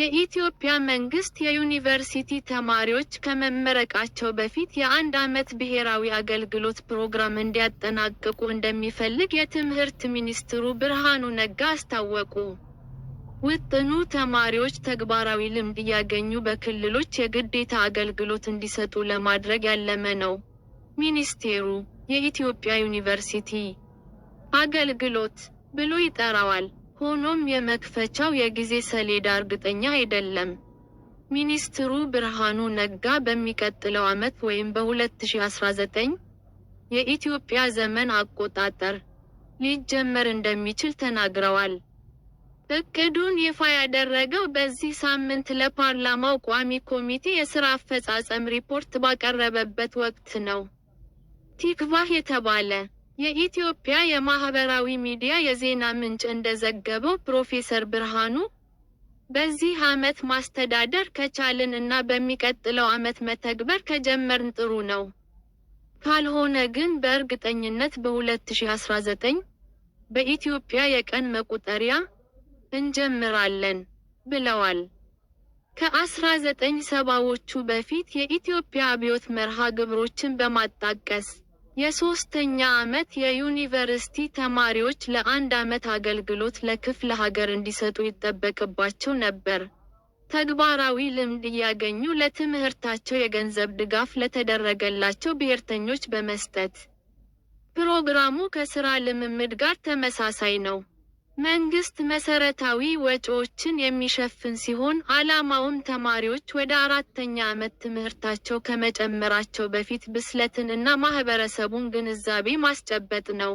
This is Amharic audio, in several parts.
የኢትዮጵያ መንግስት የዩኒቨርሲቲ ተማሪዎች ከመመረቃቸው በፊት የአንድ ዓመት ብሔራዊ አገልግሎት ፕሮግራም እንዲያጠናቅቁ እንደሚፈልግ የትምህርት ሚኒስትሩ ብርሃኑ ነጋ አስታወቁ። ውጥኑ ተማሪዎች ተግባራዊ ልምድ እያገኙ በክልሎች የግዴታ አገልግሎት እንዲሰጡ ለማድረግ ያለመ ነው። ሚኒስቴሩ የኢትዮጵያ ዩኒቨርሲቲ አገልግሎት ብሎ ይጠራዋል። ሆኖም የመክፈቻው የጊዜ ሰሌዳ እርግጠኛ አይደለም። ሚኒስትሩ ብርሃኑ ነጋ በሚቀጥለው ዓመት ወይም በ2019 የኢትዮጵያ ዘመን አቆጣጠር ሊጀመር እንደሚችል ተናግረዋል። እቅዱን ይፋ ያደረገው በዚህ ሳምንት ለፓርላማው ቋሚ ኮሚቴ የሥራ አፈጻጸም ሪፖርት ባቀረበበት ወቅት ነው። ቲክቫህ የተባለ የኢትዮጵያ የማህበራዊ ሚዲያ የዜና ምንጭ እንደዘገበው ፕሮፌሰር ብርሃኑ በዚህ ዓመት ማስተዳደር ከቻልን እና በሚቀጥለው ዓመት መተግበር ከጀመርን ጥሩ ነው። ካልሆነ ግን በእርግጠኝነት በ2019 በኢትዮጵያ የቀን መቁጠሪያ እንጀምራለን ብለዋል። ከ1970ዎቹ በፊት የኢትዮጵያ አብዮት መርሃ ግብሮችን በማጣቀስ የሶስተኛ ዓመት የዩኒቨርሲቲ ተማሪዎች ለአንድ ዓመት አገልግሎት ለክፍለ ሀገር እንዲሰጡ ይጠበቅባቸው ነበር። ተግባራዊ ልምድ እያገኙ ለትምህርታቸው የገንዘብ ድጋፍ ለተደረገላቸው ብሔርተኞች በመስጠት ፕሮግራሙ ከሥራ ልምምድ ጋር ተመሳሳይ ነው። መንግስት መሰረታዊ ወጪዎችን የሚሸፍን ሲሆን ዓላማውም ተማሪዎች ወደ አራተኛ ዓመት ትምህርታቸው ከመጨመራቸው በፊት ብስለትን እና ማህበረሰቡን ግንዛቤ ማስጨበጥ ነው።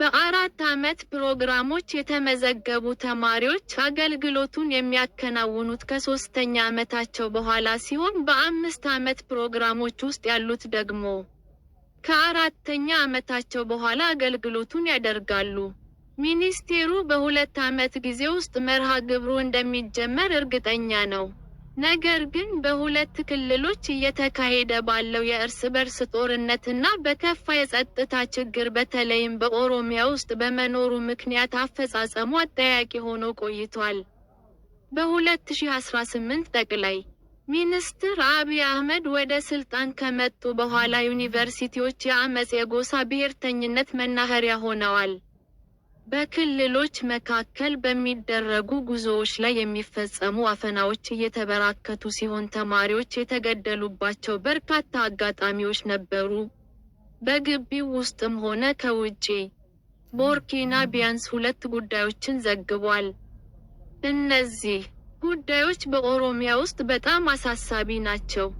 በአራት ዓመት ፕሮግራሞች የተመዘገቡ ተማሪዎች አገልግሎቱን የሚያከናውኑት ከሶስተኛ ዓመታቸው በኋላ ሲሆን በአምስት ዓመት ፕሮግራሞች ውስጥ ያሉት ደግሞ ከአራተኛ ዓመታቸው በኋላ አገልግሎቱን ያደርጋሉ። ሚኒስቴሩ በሁለት ዓመት ጊዜ ውስጥ መርሃ ግብሩ እንደሚጀመር እርግጠኛ ነው። ነገር ግን በሁለት ክልሎች እየተካሄደ ባለው የእርስ በርስ ጦርነትና በከፋ የጸጥታ ችግር በተለይም በኦሮሚያ ውስጥ በመኖሩ ምክንያት አፈጻጸሙ አጠያቂ ሆኖ ቆይቷል። በ2018 ጠቅላይ ሚኒስትር አብይ አህመድ ወደ ስልጣን ከመጡ በኋላ ዩኒቨርሲቲዎች የአመፅ የጎሳ ብሔርተኝነት መናኸሪያ ሆነዋል። በክልሎች መካከል በሚደረጉ ጉዞዎች ላይ የሚፈጸሙ አፈናዎች እየተበራከቱ ሲሆን ተማሪዎች የተገደሉባቸው በርካታ አጋጣሚዎች ነበሩ። በግቢው ውስጥም ሆነ ከውጪ። ቦርኪና ቢያንስ ሁለት ጉዳዮችን ዘግቧል። እነዚህ ጉዳዮች በኦሮሚያ ውስጥ በጣም አሳሳቢ ናቸው።